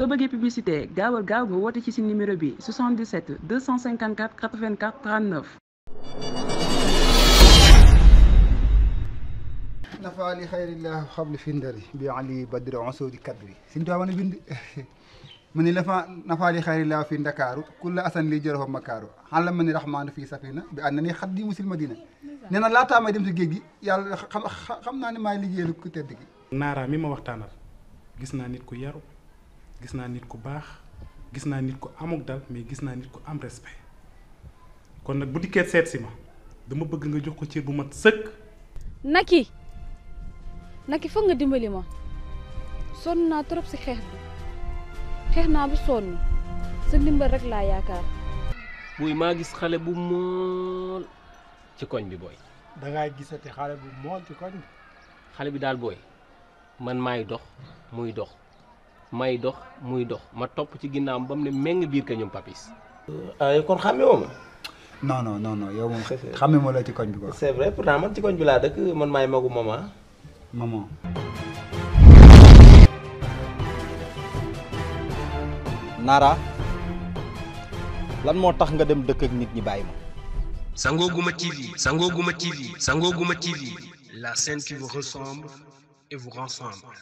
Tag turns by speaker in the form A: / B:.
A: soo bëggee publicité gaawal gaaw nga woote ci si numéro bi 77 254 84
B: 39.
C: nafa li xayrillah xabli findari bi ali badri onso di bi suñ tuwaa mën a bind mu ni lafa nafa li xayrillah fi ndakaaru kulla asan li jërofa makaaru xanla ma ni rahmaanu fii safina bi ànd na ni xat di musil madina nee na laataa may dem si géej gi yàlla xam xam naa ne maay liggéeyalu ku tedd gi
B: naara mi ma waxtaanal gis naa nit ku yaru gis naa nit ku baax gis naa nit ku amuk dal mais gis naa nit ku am respect kon nag bu dikkee seet ma dama bëgg nga jox ko ci bu mat sëkk.
D: Naki Naki foog nga dimbali ma sonn naa trop si xeex bi xeex naa bu sonn sa ndimbal rek laa yaakaar.
A: buy maa gis xale bu mool ci koñ bi booy. da ngay gisati xale bu mool ci koñ bi. xale bi daal booy man maay dox muy dox. may dox muy dox ma topp ci ginnaawam ba mu ne meng biir ka ñoom papis. ah kon xàmme woo ma.
C: non non yow moom. xàmme ma la ci koñ bi quoi.
A: c'est vrai pourtant ci koñ bi laa dëkk man maay magu maman.
C: maman. Nara lan moo tax nga dem dëkk ak nit ñi bàyyi
A: ma. Sango Gouma TV Sango Gouma TV Sango Gouma TV la scène qui vous ressemble et vous rassemble.